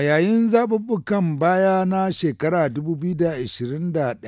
A yayin zaɓuɓɓukan baya na shekara 2021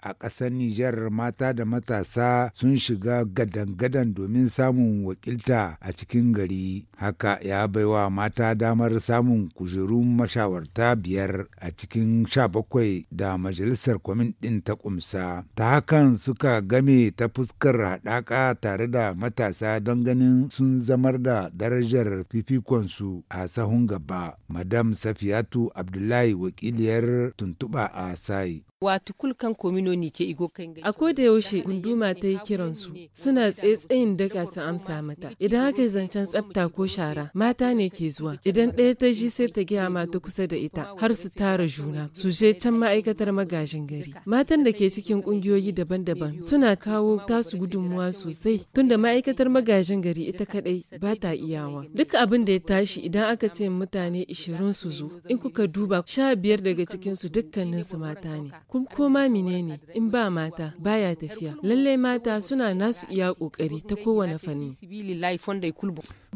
a ƙasar Nijar mata da matasa sun shiga gadan-gadan domin samun wakilta a cikin gari. Haka ya baiwa mata damar samun kujerun mashawarta biyar a cikin sha bakwai da majalisar kwamin ɗin ta ƙumsa. Ta hakan suka game ta fuskar haɗaka tare da matasa don ganin sun zamar da darajar fifikonsu a sahun gaba. Madam Rafiyatu Abdullahi wakiliyar tuntuɓa a Sai. wato kulkan kominoni ke igo kan gani. da yaushe gunduma ta yi kiransu suna tsaitsayin daga su amsa mata. Idan haka zancen tsafta ko shara mata ne ke zuwa. Idan ɗaya ta ji sai ta gaya mata kusa da ita har su tara juna su je can ma'aikatar magajin gari. Matan da ke cikin ƙungiyoyi daban-daban suna kawo tasu gudunmuwa sosai tunda ma'aikatar magajin gari ita kaɗai ba ta iyawa. Duk abin da ya tashi idan aka ce mutane ishirin su zo in kuka duba sha biyar daga cikinsu dukkaninsu mata ne kuma koma menene in ba mata baya tafiya lallai mata suna nasu iya kokari ta kowane fanni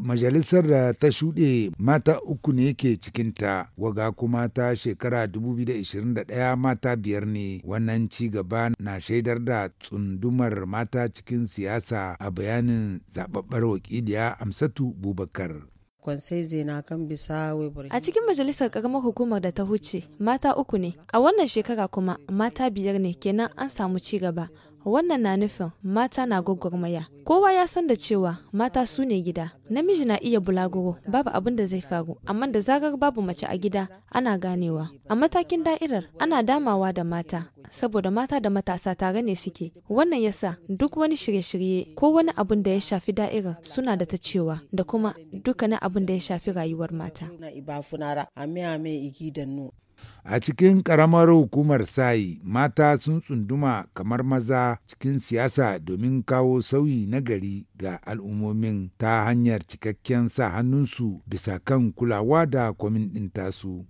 majalisar da ta shuɗe mata uku ne ke cikinta waga kuma ta shekara 2021 mata biyar ne wannan ci gaba na shaidar da tsundumar mata cikin siyasa a bayanin zababbar wakiliya amsatu bubakar A cikin majalisar karamar hukumar da ta huce, mata uku ne, a wannan shekara kuma mata biyar ne kenan an samu ci gaba Wannan na nufin mata na gwagwarmaya. Kowa ya san da cewa mata su ne gida. Namiji na iya bulaguro babu abin da zai faru, amma da zarar babu mace a gida ana ganewa. A matakin da'irar ana damawa da mata, saboda mata da matasa tare ne suke. Wannan yasa duk wani shirye-shirye ko wani abin da ya shafi da'irar suna da ta cewa da kuma dukkanin abin da ya shafi rayuwar mata. A cikin ƙaramar hukumar sayi mata sun tsunduma kamar maza cikin siyasa domin kawo sauyi na gari ga al'ummomin ta hanyar cikakken sa hannunsu bisa kan kulawa da kwamin ɗin tasu.